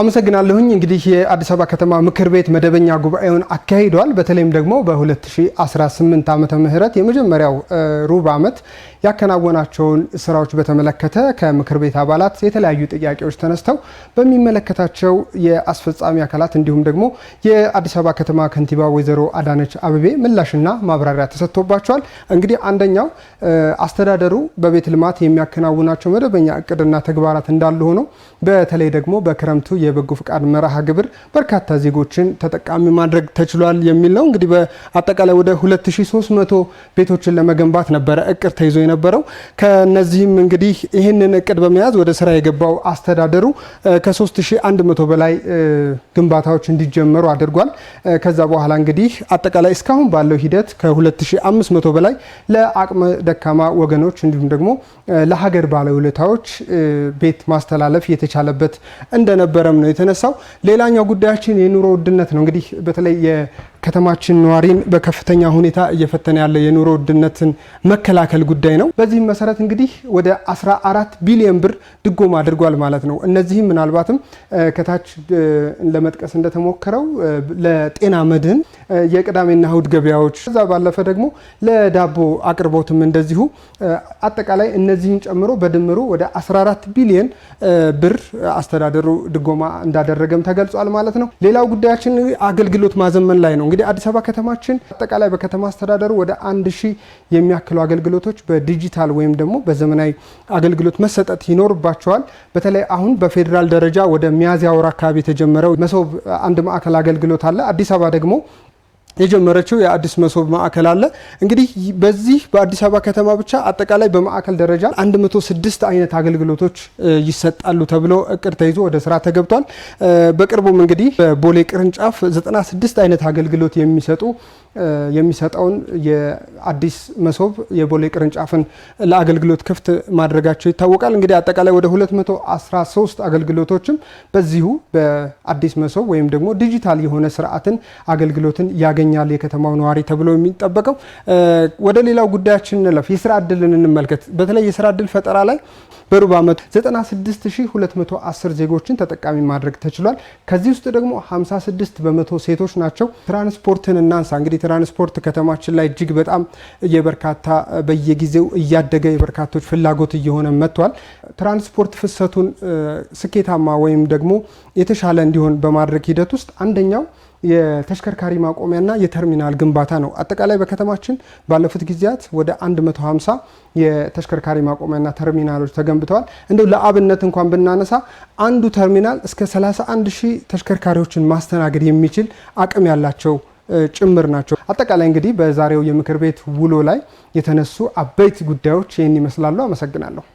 አመሰግናለሁኝ። እንግዲህ የአዲስ አበባ ከተማ ምክር ቤት መደበኛ ጉባኤውን አካሂዷል። በተለይም ደግሞ በ2018 ዓመተ ምህረት የመጀመሪያው ሩብ ዓመት ያከናወናቸውን ስራዎች በተመለከተ ከምክር ቤት አባላት የተለያዩ ጥያቄዎች ተነስተው በሚመለከታቸው የአስፈጻሚ አካላት እንዲሁም ደግሞ የአዲስ አበባ ከተማ ከንቲባ ወይዘሮ አዳነች አበቤ ምላሽና ማብራሪያ ተሰጥቶባቸዋል። እንግዲህ አንደኛው አስተዳደሩ በቤት ልማት የሚያከናውናቸው መደበኛ እቅድና ተግባራት እንዳሉ ሆነው በተለይ ደግሞ በክረምቱ የበጎ ፍቃድ መርሃ ግብር በርካታ ዜጎችን ተጠቃሚ ማድረግ ተችሏል የሚል ነው። እንግዲህ በአጠቃላይ ወደ 2300 ቤቶችን ለመገንባት ነበረ እቅድ ተይዞ የነበረው። ከነዚህም እንግዲህ ይህንን እቅድ በመያዝ ወደ ስራ የገባው አስተዳደሩ ከ3100 በላይ ግንባታዎች እንዲጀመሩ አድርጓል። ከዛ በኋላ እንግዲህ አጠቃላይ እስካሁን ባለው ሂደት ከ2500 በላይ ለአቅመ ደካማ ወገኖች እንዲሁም ደግሞ ለሀገር ባለውለታዎች ቤት ማስተላለፍ የተቻለበት እንደነበረ ፕሮግራም ነው የተነሳው። ሌላኛው ጉዳያችን የኑሮ ውድነት ነው። እንግዲህ በተለይ የከተማችን ነዋሪን በከፍተኛ ሁኔታ እየፈተነ ያለ የኑሮ ውድነትን መከላከል ጉዳይ ነው። በዚህም መሰረት እንግዲህ ወደ 14 ቢሊዮን ብር ድጎማ አድርጓል ማለት ነው። እነዚህም ምናልባትም ከታች ለመጥቀስ እንደተሞከረው ለጤና መድህን የቅዳሜና እሁድ ገበያዎች፣ ከዛ ባለፈ ደግሞ ለዳቦ አቅርቦትም እንደዚሁ አጠቃላይ እነዚህን ጨምሮ በድምሩ ወደ 14 ቢሊየን ብር አስተዳደሩ ድጎማ እንዳደረገም ተገልጿል ማለት ነው። ሌላው ጉዳያችን አገልግሎት ማዘመን ላይ ነው። እንግዲህ አዲስ አበባ ከተማችን አጠቃላይ በከተማ አስተዳደሩ ወደ አንድ ሺህ የሚያክሉ አገልግሎቶች በዲጂታል ወይም ደግሞ በዘመናዊ አገልግሎት መሰጠት ይኖርባቸዋል። በተለይ አሁን በፌዴራል ደረጃ ወደ ሚያዝያ ወር አካባቢ የተጀመረው መሶብ አንድ ማዕከል አገልግሎት አለ። አዲስ አበባ ደግሞ የጀመረችው የአዲስ መሶብ ማዕከል አለ። እንግዲህ በዚህ በአዲስ አበባ ከተማ ብቻ አጠቃላይ በማዕከል ደረጃ 106 አይነት አገልግሎቶች ይሰጣሉ ተብሎ እቅድ ተይዞ ወደ ስራ ተገብቷል። በቅርቡም እንግዲህ በቦሌ ቅርንጫፍ 96 አይነት አገልግሎት የሚሰጡ የሚሰጠውን የአዲስ መሶብ የቦሌ ቅርንጫፍን ለአገልግሎት ክፍት ማድረጋቸው ይታወቃል። እንግዲህ አጠቃላይ ወደ 213 አገልግሎቶችም በዚሁ በአዲስ መሶብ ወይም ደግሞ ዲጂታል የሆነ ስርዓትን አገልግሎትን ያገ ያገኛል የከተማው ነዋሪ ተብሎ የሚጠበቀው። ወደ ሌላው ጉዳያችን እንለፍ። የስራ እድልን እንመልከት። በተለይ የስራ እድል ፈጠራ ላይ በሩብ ዓመቱ 96210 ዜጎችን ተጠቃሚ ማድረግ ተችሏል። ከዚህ ውስጥ ደግሞ 56 በመቶ ሴቶች ናቸው። ትራንስፖርትን እናንሳ። እንግዲህ ትራንስፖርት ከተማችን ላይ እጅግ በጣም የበርካታ በየጊዜው እያደገ የበርካቶች ፍላጎት እየሆነ መጥቷል። ትራንስፖርት ፍሰቱን ስኬታማ ወይም ደግሞ የተሻለ እንዲሆን በማድረግ ሂደት ውስጥ አንደኛው የተሽከርካሪ ማቆሚያና የተርሚናል ግንባታ ነው። አጠቃላይ በከተማችን ባለፉት ጊዜያት ወደ 150 የተሽከርካሪ ማቆሚያና ተርሚናሎች ተገንብተዋል። እንደው ለአብነት እንኳን ብናነሳ አንዱ ተርሚናል እስከ 31 ሺህ ተሽከርካሪዎችን ማስተናገድ የሚችል አቅም ያላቸው ጭምር ናቸው። አጠቃላይ እንግዲህ በዛሬው የምክር ቤት ውሎ ላይ የተነሱ አበይት ጉዳዮች ይህን ይመስላሉ። አመሰግናለሁ።